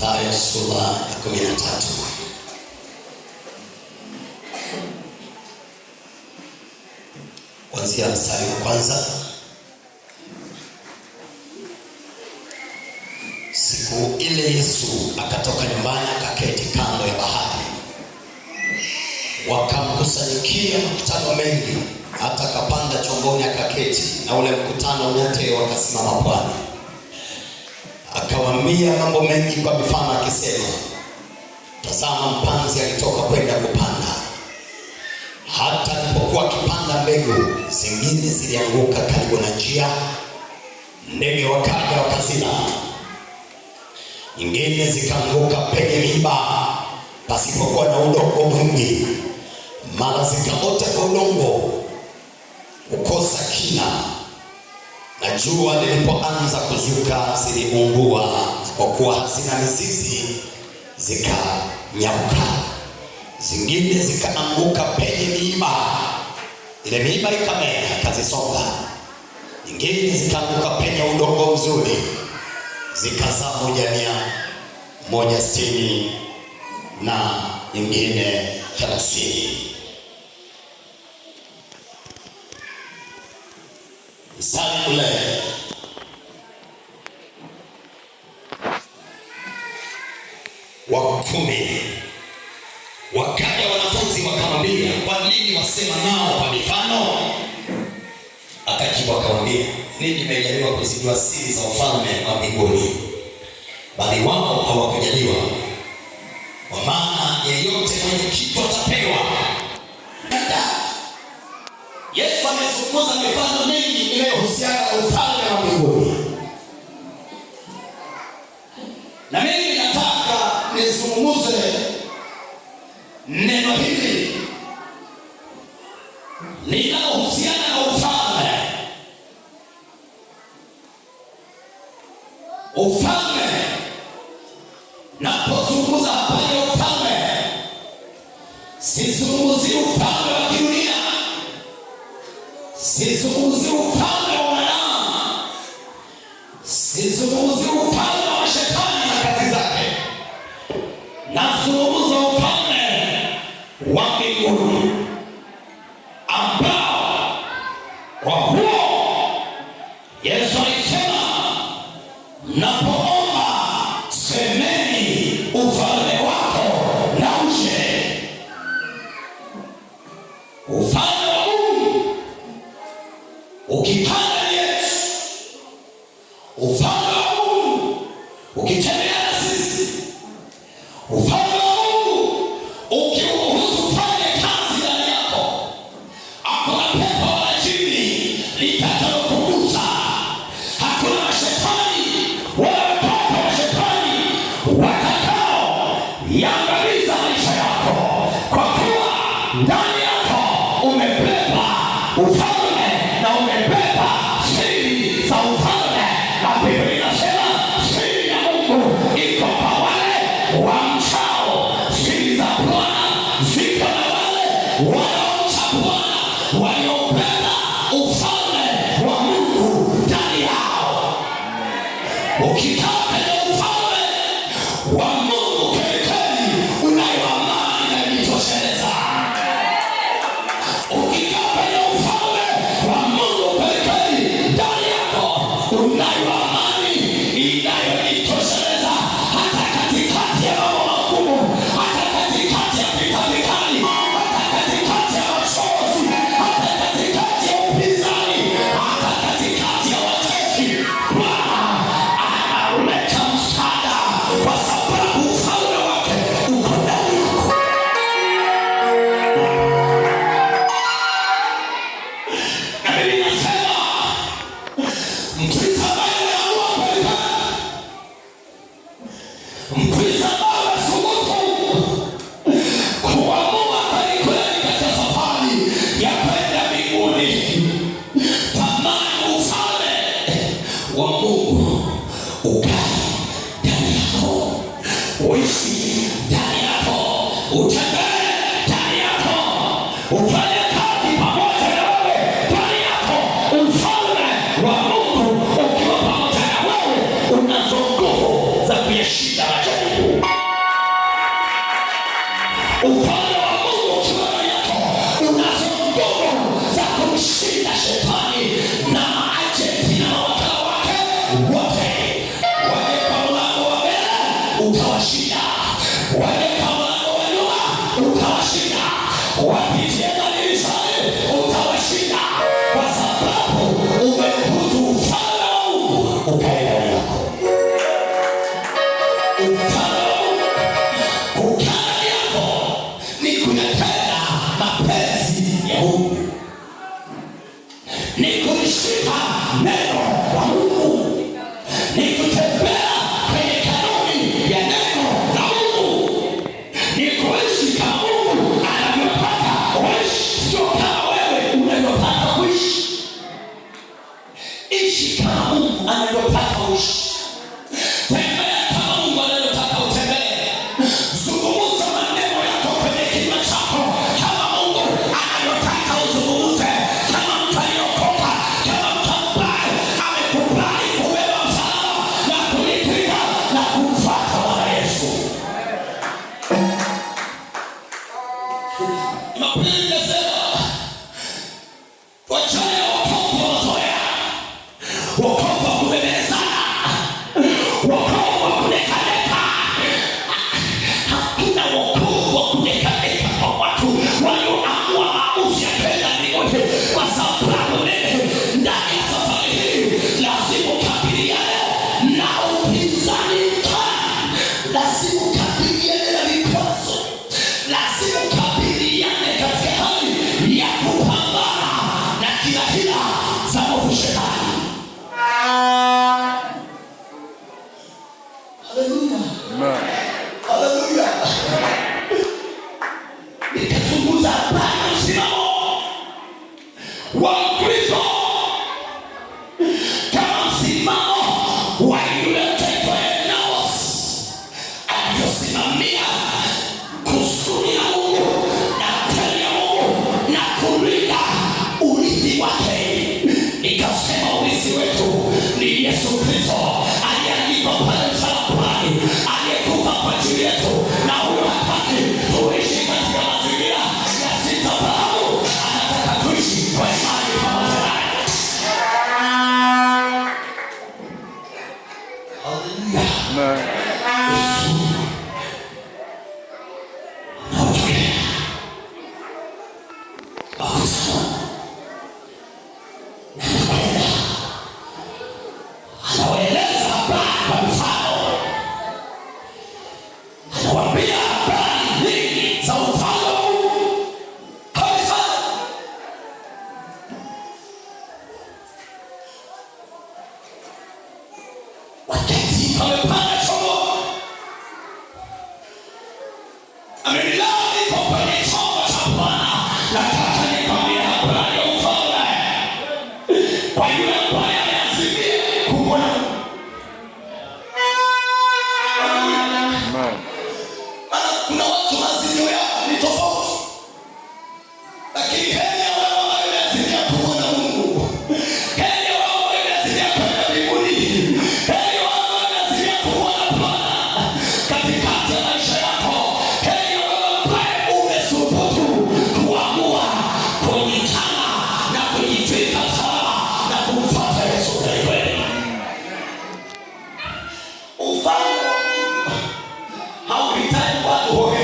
Mathayo sura ya kumi na tatu. Kuanzia mstari wa kwanza. Siku ile Yesu akatoka nyumbani akaketi kando ya bahari, wakamkusanyikia makutano mengi, hata akapanda chomboni akaketi, na ule mkutano wote wakasimama pwani akamwambia mambo mengi kwa mifano akisema, tazama, mpanzi alitoka kwenda kupanda, hata alipokuwa akipanda mbegu zingine zilianguka karibu na njia, ndege wakaja wakazila, nyingine zikaanguka penye miiba pasipokuwa na udongo mwingi, mara zikaota kwa udongo kukosa kina na jua lilipoanza kuzuka ziliungua, kwa kuwa hazina mizizi, zikanyauka. Zingine zikaanguka penye miiba, ile miiba ikamea ikazisonga. Nyingine zikaanguka penye udongo mzuri, zikazaa moja mia moja sitini na nyingine thelathini. Sankule wa wakaja wanafunzi wakamwambia, kwa nini wasema nao kwa mifano? Akajibu akamwambia, mimi nimejaliwa kuzijua siri za ufalme wa mbinguni, bali wao hawakujaliwa. Kwa maana yeyote mwenye kitu atapewa. Yesu amezungumza mifano mingi inayohusiana na ufalme wa mbinguni, na mimi nataka nizungumze neno hili sizungumzi upande wa wanadamu, sizungumzi upande yangamiza maisha yako, kwa kuwa ndani yako umebeba ufalme na umebeba siri za ufalme, na Biblia inasema siri ya Mungu iko kwa wale wamchao. Siri za Bwana ziko na wale wanaomcha Bwana, waliobeba ufalme wa Mungu ndani yao. Ukitaka Okay.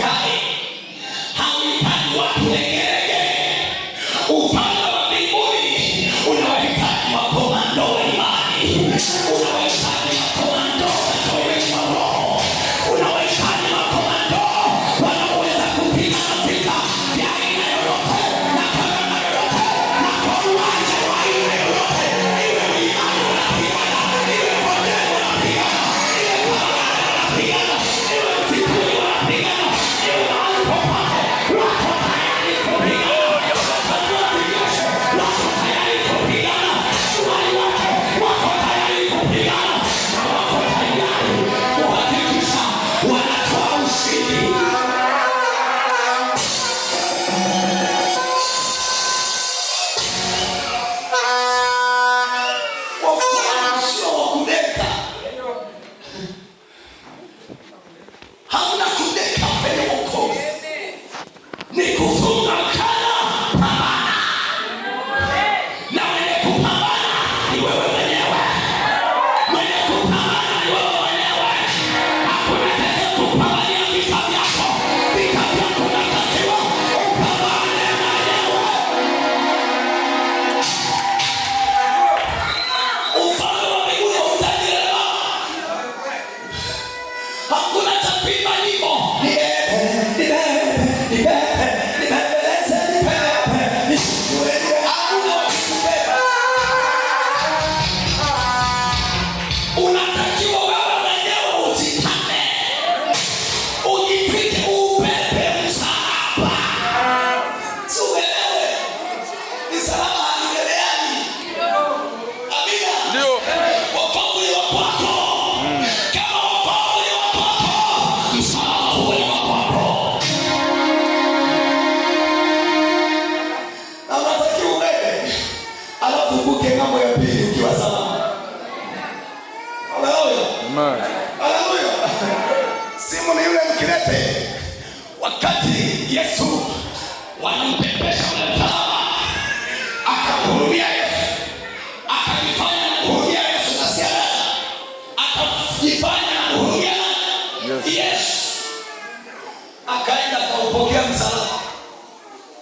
akaenda akaupokea msalaba.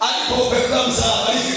Alipopokea msalaba